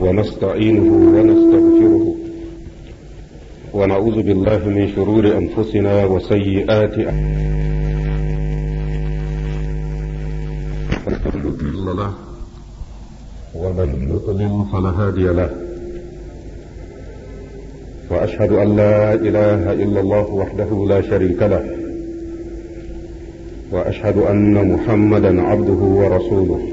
ونستعينه ونستغفره ونعوذ بالله من شرور أنفسنا وسيئات أعمالنا ومن يضلل فلا هادي له وأشهد أن لا إله إلا الله وحده لا شريك له وأشهد أن محمدا عبده ورسوله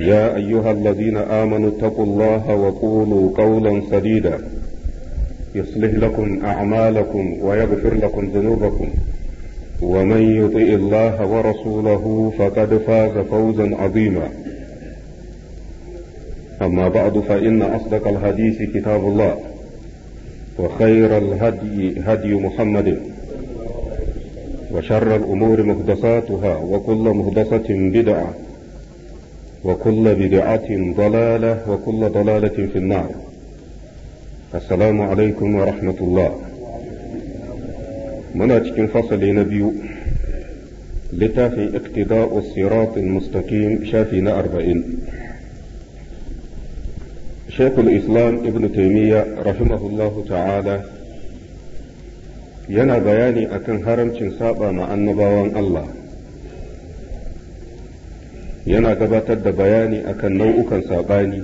يا أيها الذين آمنوا اتقوا الله وقولوا قولا سديدا يصلح لكم أعمالكم ويغفر لكم ذنوبكم ومن يطئ الله ورسوله فقد فاز فوزا عظيما أما بعد فإن أصدق الحديث كتاب الله وخير الهدي هدي محمد وشر الأمور مهدساتها وكل مهدسة بدعة وكل بدعة ضلالة وكل ضلالة في النار السلام عليكم ورحمة الله مناتك فصل نبي لتافي اقتداء الصراط المستقيم شافينا أربعين شيخ الإسلام ابن تيمية رحمه الله تعالى ينا بياني أكن هرم saba مع النبوان الله yana gabatar da bayani akan nau'ukan saɓani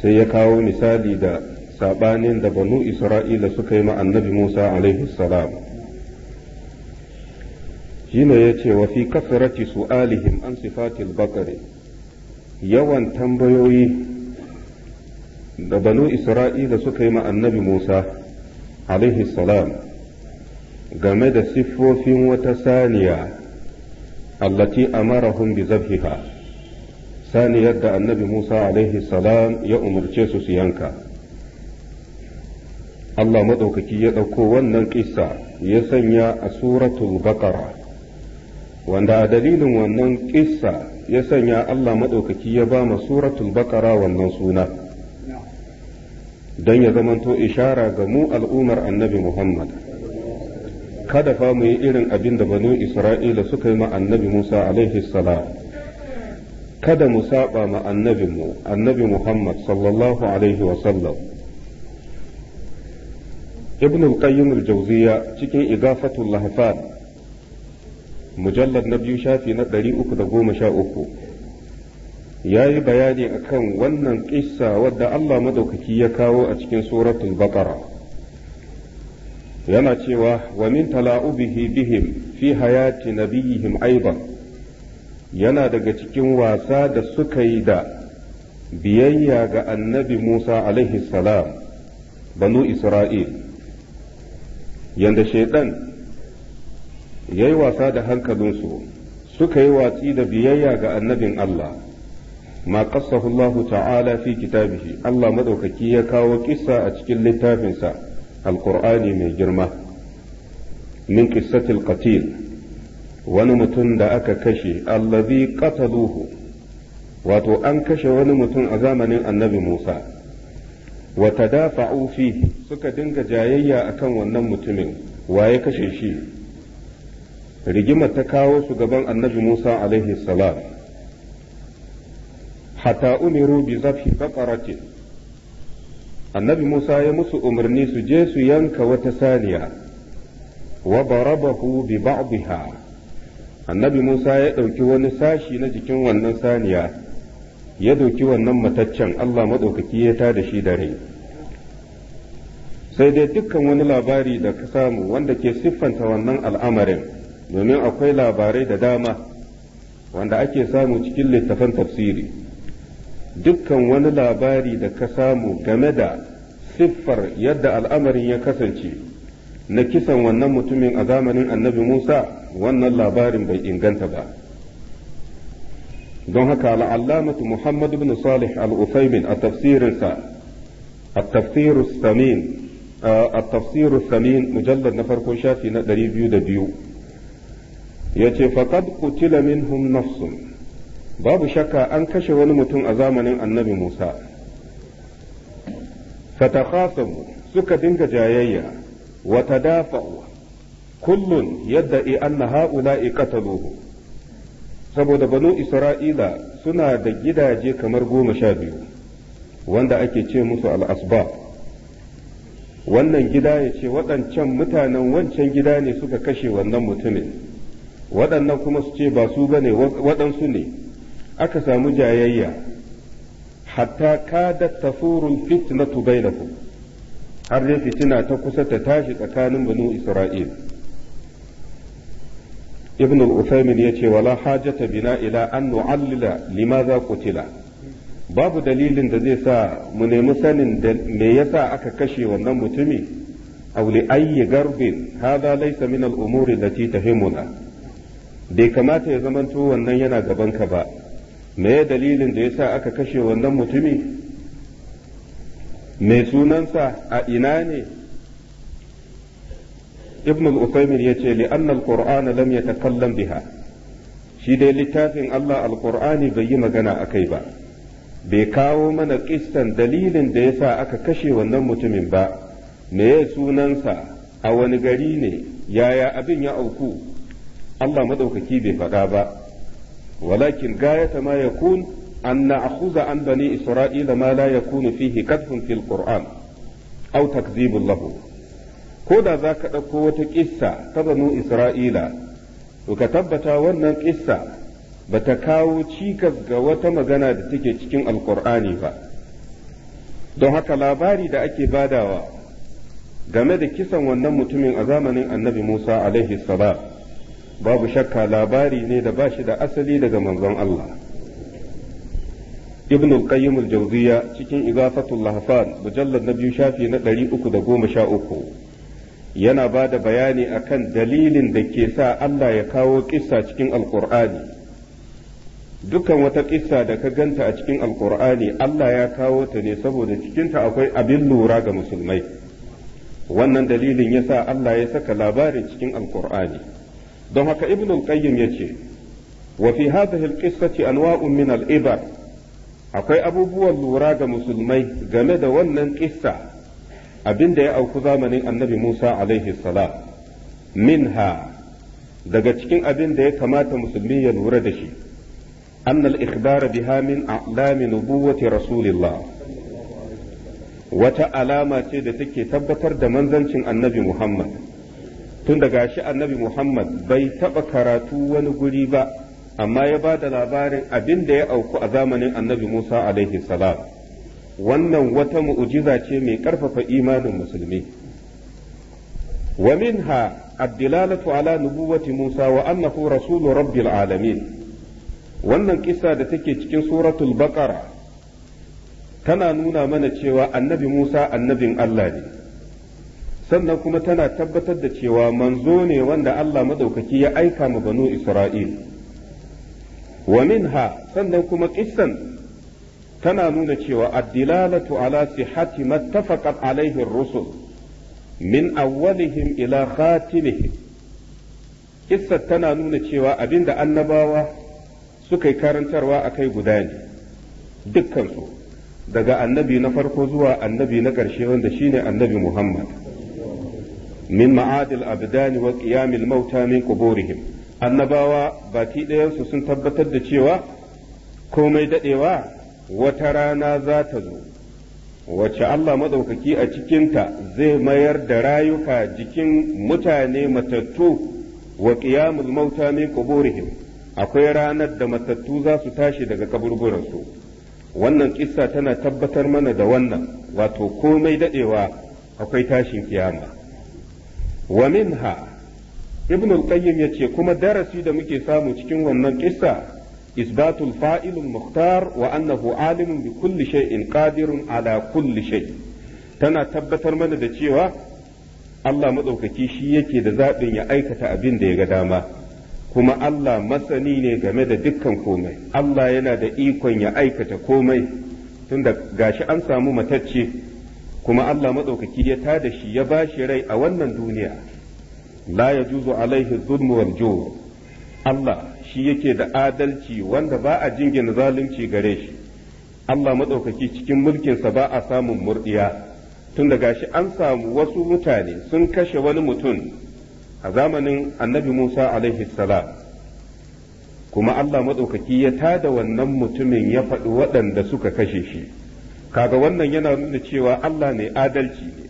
sai ya kawo misali da saɓanin da banu isra'ila suka yi annabi musa salam shine ya ce wa fi kasarati su'alihim an sifatil bakare yawan tambayoyi da banu isra'ila suka yi ma annabi musa salam game da siffofin wata saniya allati amarahum bi zabhiha saniyar da annabi Musa alaihi salam ya umarce su su yanka Allah madaukaki ya ɗauko wannan kissa ya sanya a suratul baqara wanda a dalilin wannan kissa ya sanya Allah madaukaki ya bama suratul bakara wannan suna don ya zamanto ishara ga mu al'umar annabi Muhammad kada fa mu yi irin abin da banu isra'ila suka yi ma annabi musa alaihi salam kada mu saba ma annabinmu annabi muhammad sallallahu alaihi wasallam ibn al-qayyim al-jawziya cikin igafatul lahfan mujallad na biyu shafi na 313 yayi bayani akan wannan kissa wadda Allah madaukaki ya kawo a cikin suratul baqara yana cewa wa min tala'ubihi bihim fi hayati nabiyihim aiba yana daga cikin wasa da suka yi da biyayya ga annabi Musa alaihi salam banu Isra'il yanda shaidan ya yi wasa da hankalinsu suka yi watsi da biyayya ga annabin Allah ma qassahu Allah ta'ala fi kitabihi Allah madaukaki ya kawo kissa a cikin littafinsa alkur'ani mai girma min qissatil qatil wani mutum da aka kashe allazi qataluhu wato an kashe wani mutum a zamanin annabi Musa wata tadafa'u fihi suka dinga jayayya akan wannan mutumin waye kashe shi rigima ta kawo su gaban annabi Musa alaihi salam hatta umiru bi zafi baqaratin annabi Musa ya musu umarni su je su yanka wata saniya wa barabahu bi ba'dha annabi Musa ya ɗauki wani sashi na jikin wannan saniya ya ɗauki wannan mataccen Allah maɗaukaki ya ta da shi dare sai dai dukkan wani labari da ka samu wanda ke siffanta wannan al'amarin domin akwai labarai da dama wanda ake samu cikin littafan tafsiri dukkan wani labari da ka samu game da siffar yadda al'amarin ya kasance na kisan wannan mutumin a zamanin annabi Musa wannan labarin bai inganta ba don haka al'allamatu Muhammad bin Salih al usaimin a tafsirinsa a tafsirus samin uh, a samin mujallar na farko shafi na 202 ya ce faƙad kutila minhum nafsun babu shakka an kashe wani mutum a zamanin annabi Musa fatakhasamu suka dinga jayayya wa tadafa'u kullun yadda anna ha'ula'i ƙataluhu. saboda banu Isra'ila suna da gidaje kamar goma sha biyu wanda ake ce musu al'asba wannan gida ya ce waɗancan mutanen wancan gida ne suka kashe wannan mutumin waɗannan kuma su ce ba su ba ne waɗansu ne aka samu jayayya hatta kadat tafurul fitnatu bainakum har dai fitina ta kusa ta tashi tsakanin banu isra'il ibn al-usaymin yace wala hajata bina ila an nu'allila limaza qutila babu dalilin da zai sa mu nemi sanin da me yasa aka kashe wannan mutumi aw li ayyi garbin hada laysa min al-umuri allati tahimuna bai kamata ya zamanto wannan yana gaban ka ba me dalilin da ya sa aka kashe wannan mutumi mai sunansa a ina ne ibn al-usaymin yace li anna al-qur'ana lam yatakallam biha shi dai littafin Allah al-qur'ani bai yi magana akai ba bai kawo mana kistan dalilin da ya sa aka kashe wannan mutumin ba me sunansa a wani gari ne yaya abin ya auku Allah maɗaukaki bai faɗa ba walakin gayata ma yakun an na'khudha an bani isra'ila ma la yakunu fihi kadhfun fil qur'an aw takdhibun lahu ko da za ka ɗauko wata ƙissa ta banu isra'ila to ka tabbata wannan ƙissa ba ta kawo cikas ga wata magana da take cikin alkur'ani ba don haka labari da ake badawa game da kisan wannan mutumin a zamanin annabi musa alaihi salam babu shakka labari ne da ba shi da asali daga manzon Allah ibn al-qayyim al-jawziya cikin izafatul lahfan mujallad na biyu shafi na 313 yana ba da bayani akan dalilin da ke sa Allah ya kawo kissa cikin alqur'ani dukan wata kissa da ka ganta a cikin alkur'ani Allah ya kawo ta ne saboda cikinta akwai abin lura ga musulmai wannan dalilin yasa Allah ya saka labarin cikin alkur'ani don haka ibn al-qayyim yace wa fi hadhihi al-qissati anwa'un min al-ibar akwai abubuwan lura ga musulmai game da wannan kissa abinda ya auku zamanin annabi Musa alaihi salam minha daga cikin abin da ya kamata musulmi ya lura da shi أن الإخبار بها من أعلام نبوة رسول الله وتألامة تكي تبتر دمنزنش النبي محمد tun da gashi annabi Muhammad bai taɓa karatu wani guri ba amma ya ba da labarin abin da ya auku a zamanin annabi Musa alaihi salam wannan wata mu'ujiza ce mai ƙarfafa imanin musulmi wa minha addilalatu ala nubuwati Musa wa annahu rasulu rabbil alamin wannan kisa da take cikin suratul baqara tana nuna mana cewa annabi Musa annabin Allah ne sannan kuma tana tabbatar da cewa manzo ne wanda Allah madaukaki ya aika ma banu Isra'il wa minha sannan kuma kissan tana nuna cewa addilalatu ala sihhati mattafaqat alaihi rusul min awwalihim ila khatimihim kissa tana nuna cewa abinda annabawa suka yi karantarwa akai guda ne dukkansu daga annabi na farko zuwa annabi na ƙarshe wanda shine annabi Muhammad min ma'adil abdani wa qiyamil mauta min quburihim annabawa baki ɗayansu sun tabbatar da cewa komai dadewa wata rana za ta zo wacce Allah maɗaukaki a cikinta zai mayar da rayuka jikin mutane matattu wa qiyamul mauta min quburihim akwai ranar da matattu za su tashi daga kaburburansu wannan kissa tana tabbatar mana da wannan wato komai dadewa akwai tashin kiyama wa minha ibn al-qayyim yace kuma darasi da muke samu cikin wannan kissa isbatul fa'ilun muktar wa annahu alimun bi kulli shay'in qadirun ala kulli shay tana tabbatar mana da cewa Allah madaukaki shi yake da zaɓin ya aikata abin da ya ga dama kuma Allah masani ne game da dukkan komai Allah yana da ikon ya aikata komai tunda gashi an samu matacce kuma Allah maɗaukaki ya ta da shi ya ba shi rai a wannan duniya la ya juzu alaihi zulmu wal Allah shi yake da adalci wanda ba a jingina zalunci gare shi Allah maɗaukaki cikin mulkinsa ba a samun murɗiya tun da gashi an samu wasu mutane sun kashe wani mutum a zamanin annabi Musa alaihi salam kuma Allah maɗaukaki ya ta da wannan mutumin ya faɗi waɗanda suka kashe shi. kaga wannan yana nuna cewa Allah ne adalci ne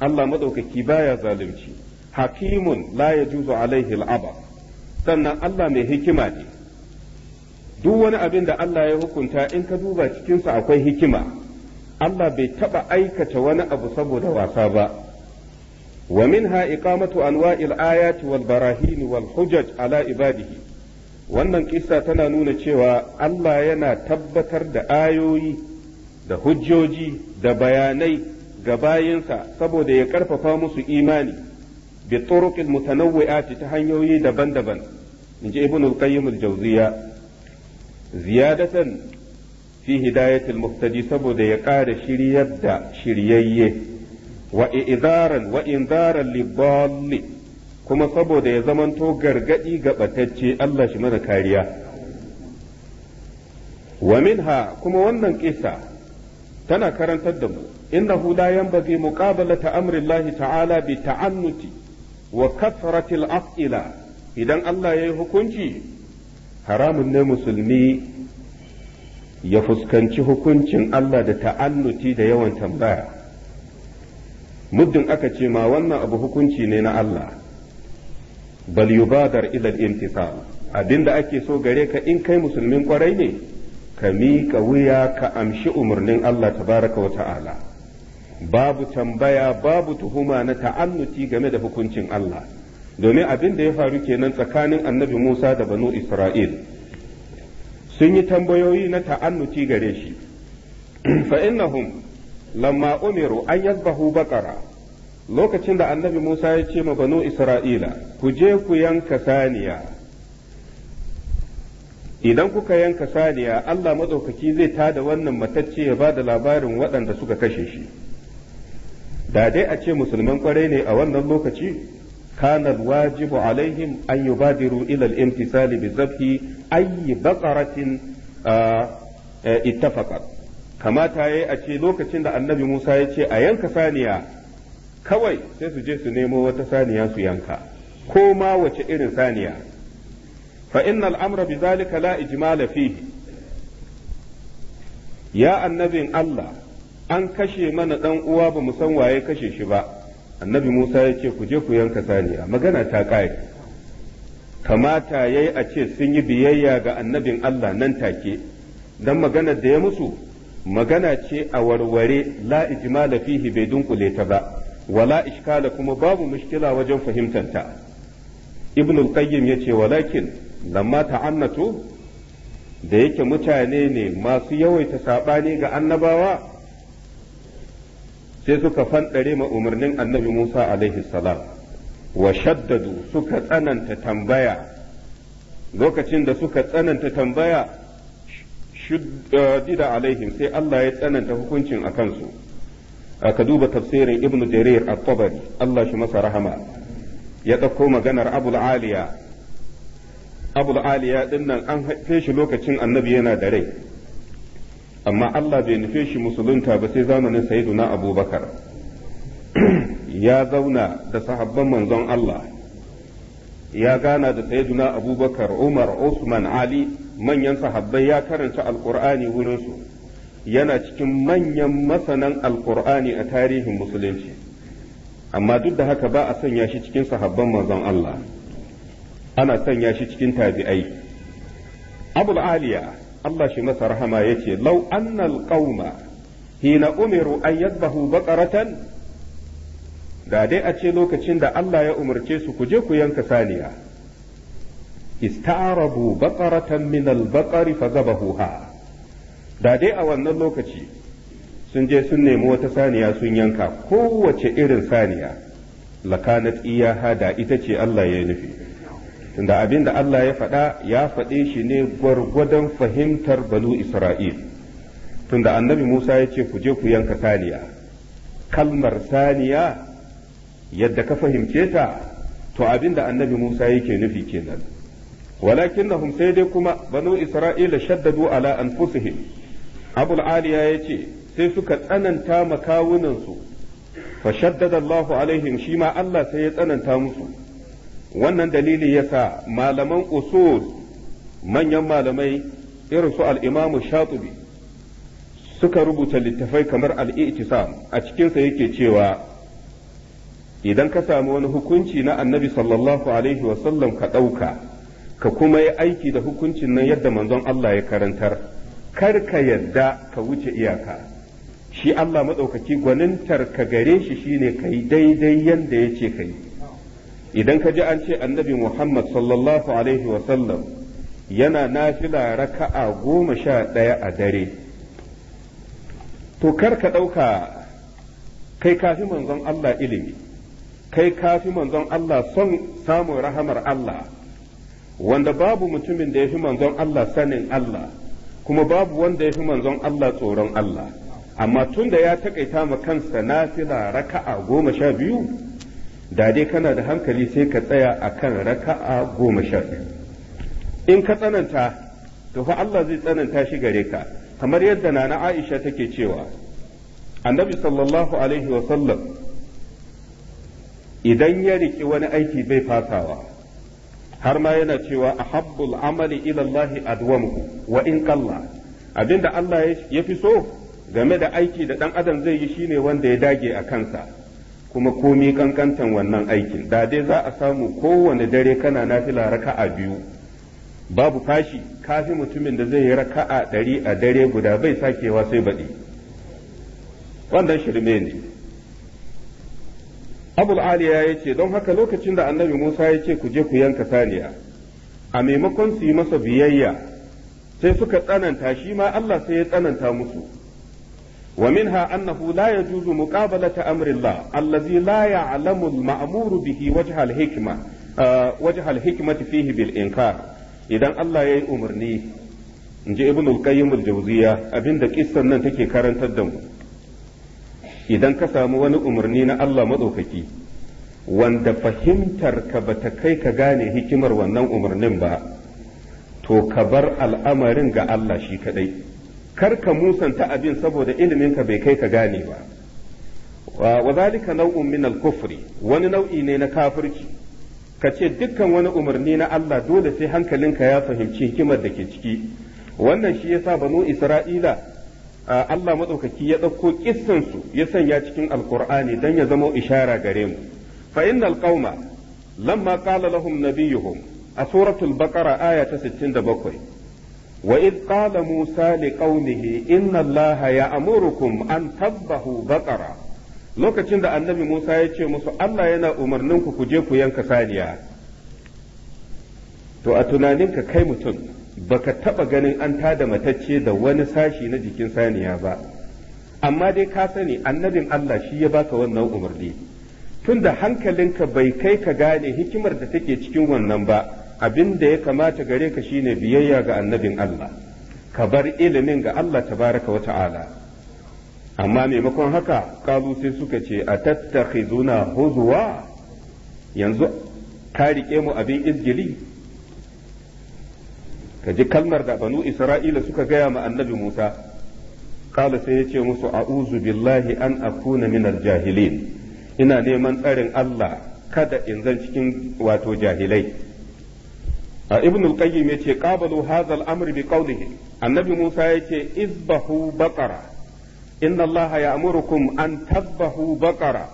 Allah madaukaki baya zalunci hakimun la yajuzu alaihi al'aba sannan Allah mai hikima ne duk wani abin da Allah ya hukunta in ka duba cikinsa akwai hikima Allah bai taba aikata wani abu saboda wasa ba wa minha iqamatu anwa'il ayati wal barahin wal hujaj ala ibadihi wannan kissa tana nuna cewa Allah yana tabbatar da ayoyi da hujjoji da bayanai ga bayinsa saboda ya karfafa musu imani bi turuqil mutanawwi'ati ta hanyoyi daban-daban inji ibn al-qayyim al-jawziya ziyadatan fi hidayatil muhtadi saboda ya ƙara shiryar da shiryayye wa idaran wa indaran kuma saboda ya zamanto gargadi ga batacce Allah shi mana kariya wa minha kuma wannan kisa tana karantar da mu innahu la yanbaghi muqabalata amri Allah ta'ala bi ta'annuti wa kasratil af'ila idan Allah yayi hukunci haramun ne musulmi ya fuskanci hukuncin Allah da ta'annuti da yawan tambaya muddin aka ce ma wannan abu hukunci ne na Allah bal yubadar ila al-imtisal abinda ake so gare ka in kai musulmin kwarai ne ka miƙa wuya ka amshi umarnin Allah Ta baraka wa ta'ala babu tambaya babu tuhuma na ta'annuti game da hukuncin Allah domin abin da ya faru kenan tsakanin annabi Musa da banu Isra'il sun yi tambayoyi na ta'annuti gare shi fa hum lamma umaru an yadbahu baƙara lokacin da annabi Musa ya ce ma banu Isra'ila ku je ku yanka saniya idan kuka yanka saniya Allah matsaukaki zai ta da wannan matacce ya ba da labarin waɗanda suka kashe shi da dai a ce musulman kwarai ne a wannan lokaci Kanar wajibu alaihim an yubadiru ila salibi imtisali bi zabhi ayi baqaratin ittafaqat kamata yayi a ce lokacin da annabi Musa ya ce a yanka saniya kawai sai su je su nemo wata saniya su yanka ko ma wace irin saniya fa innal amra bi zalika la ijmala fihi ya annabin Allah an kashe mana dan uwa ba mu san waye kashe shi ba annabi Musa ya ce ku je ku yanka saniya magana ta kare kamata yayi a ce sun yi biyayya ga annabin Allah nan take dan magana da ya musu magana ce a warware la ijmala fihi bai dunkule ta ba wala ishkala kuma babu mushkila wajen fahimtar ibn al-qayyim yace walakin lamma ta'annatu da yake mutane ne masu yawaita saɓani ga annabawa sai suka fanɗare ma umarnin annabi Musa alaihi salam wa shaddadu suka tsananta tambaya lokacin da suka tsananta tambaya shuddida eh, alaihim sai Allah ya tsananta hukuncin a kansu aka duba tafsirin ibnu jarir at-tabari Allah shi masa rahama ya ɗauko maganar abul aliya abu aliya din nan an haife shi lokacin annabi yana da rai amma Allah bai nufe shi musulunta ba sai zamanin sayyiduna abubakar ya zauna da sahabban manzon Allah ya gana da sayyiduna abubakar umar usman ali manyan sahabbai ya karanta alkur'ani su yana cikin manyan masanan alkur'ani a tarihin musulunci amma duk da haka ba a sanya shi cikin sahabban manzon Allah ana sanya shi cikin tabi'ai abu aliya Allah shi masa rahama yace law annal qauma hina umiru an yadbahu baqaratan da dai a ce lokacin da Allah ya umarce su ku je ku yanka saniya ista'arabu baqaratan min al-baqari fadhabahuha da dai a wannan lokaci sun je sun nemi wata saniya sun yanka kowace irin saniya lakanat iyaha da ita ce Allah ya nufi tunda abin da Allah ya faɗa ya faɗe shi ne gwargwadon fahimtar banu Isra'il tunda annabi Musa ya ce ku je ku yanka saniya kalmar saniya yadda ka fahimce ta to abin da annabi Musa yake nufi kenan walakinnahum sai dai kuma banu Isra'ila shaddadu ala an Abul Aliya ya ce sai suka tsananta makawunansu fa shaddada Allahu alaihim shi ma Allah sai ya tsananta musu wannan dalili sa malaman usul manyan malamai irin su Al'imamu imam suka rubuta littafai kamar alitisam a cikinsa yake cewa idan ka sami wani hukunci na annabi sallallahu alaihi wasallam ka ɗauka ka kuma yi aiki da hukuncin nan yadda manzon Allah ya karantar kar ka yadda ka wuce iyaka shi Allah maɗaukaki gwanintar ka gare shi shine ka yi daidai yadda ya ce ka yi idan ka ji an ce annabi Muhammad sallallahu alaihi wasallam yana nafila raka'a goma sha ɗaya a dare to kar ka ɗauka kai kafi manzon Allah ilimi kai kafi manzon Allah son samun rahamar Allah wanda babu mutumin da yafi manzon Allah sanin Allah kuma babu wanda yafi fi manzon Allah tsoron Allah amma tunda ya taƙaita ma kansa nafila raka'a goma sha biyu Dade kana da hankali sai ka tsaya a akan raka'a goma sha in ka tsananta to fa Allah zai tsananta shi gare ka kamar yadda na, na Aisha take cewa annabi sallallahu alaihi wa sallam idan ya riki wani aiki bai fasawa har ma yana cewa ahabbul amali ila Allah adwamuhu wa in qalla abinda Allah ya fi so game da aiki da ɗan adam zai yi shine wanda ya dage a kansa kuma komi kankantan wannan aikin da dai za a samu kowane dare kana nafila raka'a biyu babu fashi kafi mutumin da zai yi raka'a dari a dare guda bai sakewa sai baɗi wannan shirme ne abul aliya ya ce don haka lokacin da annabi musa ya ce ku je ku yanka saniya a maimakon su yi masa biyayya sai suka tsananta shi ma allah sai ya tsananta musu ومنها أنه لا يجوز مقابلة أمر الله الذي لا يعلم المأمور به وجه الحكمة وجه الحكمة فيه بالإنكار إذا الله يأمرني نجي ابن القيم الجوزية أبن دك إستنان تكي كارن تدم إذا كسام وانا أمرنينا الله مدوككي wanda fahimtarka ba ta kai ka gane hikimar wannan umarnin ba to ka bar al'amarin ga Allah shi kadai kar ka musanta abin saboda iliminka bai kai ka gane ba wa zalika nau'un min al-kufri wani nau'i ne na kafirci ka ce dukkan wani umarni na Allah dole sai hankalinka ya fahimci hikimar da ke ciki wannan shi yasa banu Isra'ila Allah madaukaki ya dauko kissan su ya sanya cikin alkur'ani dan ya zama ishara gare mu fa innal qauma lamma qala lahum nabiyuhum a suratul baqara aya ta 67 وإذ قال موسى لقومه إن الله يأمركم أن تذبحوا بقرة lokacin da annabi Musa ya ce musu Allah yana umarnin ku kuje ku yanka saniya to a tunanin ka kai mutum baka taba ganin an tada matacce da wani sashi na jikin saniya ba amma dai ka sani annabin Allah shi ya baka wannan umarni tunda hankalinka bai kai ka gane hikimar da take cikin wannan ba abin da ya kamata gare ka shine biyayya ga annabin Allah ka bar ilimin ga Allah tabaraka wa ta'ala amma maimakon haka kazu sai suka ce a tattakhizuna huzuwa yanzu ka rike mu abin izgili ka ji kalmar da banu isra'ila suka gaya ma annabi musa kala sai ya ce musu a'uzu billahi an akuna minar jahilin ina neman tsarin allah kada in zan cikin wato jahilai ibn al-qayyim yace qabalu hadha al-amr bi annabi musa yace izbahu baqara inna allaha ya'murukum an tadhbahu baqara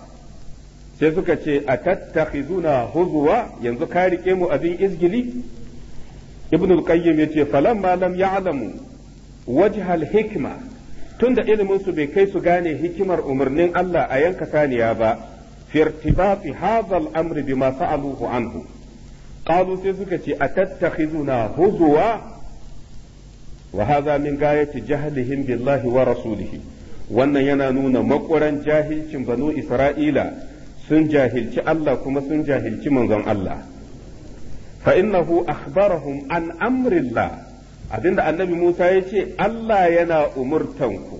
sai suka ce a tattakhizuna huzwa yanzu ka rike mu abin izgili ibn al-qayyim yace falamma lam ya'lamu wajha al-hikma tunda ilimin su bai kai su gane hikimar umarnin Allah a yanka saniya ba fi irtibati hadha al-amr bima fa'aluhu anhu qalu suka ce atattakhizuna huzwa wa hadha min gayati jahlihim billahi wa rasulihi wannan yana nuna makuran jahilcin banu isra'ila sun jahilci Allah kuma sun jahilci manzon Allah fa innahu akhbarahum an amrillah abinda annabi Musa ya ce Allah yana umurtanku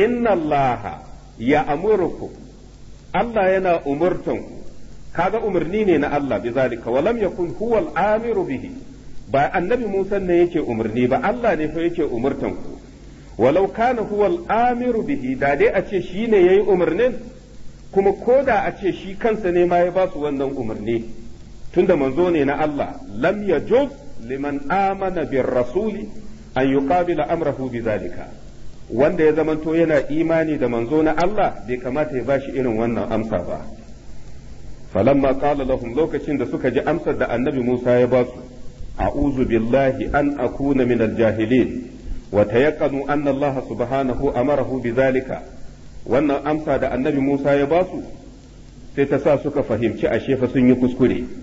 inna Allah ya amurku Allah yana umurtanku kaga umarni ne na Allah bi zalika walam yakun huwa al-amiru bihi ba annabi Musa ne yake umarni ba Allah ne fa yake umurtan ku walau kana huwa al bihi da dai a ce shi ne yayi umarnin kuma koda a ce shi kansa ne ma ya ba su wannan umarni tunda manzo ne na Allah lam yajuz liman amana bir rasuli an yuqabila amrahu bi zalika wanda ya zamanto yana imani da manzo na Allah bai kamata ya bashi irin wannan amsa ba falamma qala lahum lokacin da suka ji amsar da annabi Musa ya ba A'uzubillahi a'udhu billahi an akuna min al-jahilin wa tayaqqanu anna subhanahu a amarahu bidhalika wannan amsa da annabi Musa ya basu? sai ta sa suka fahimci ashe fa sun yi kuskure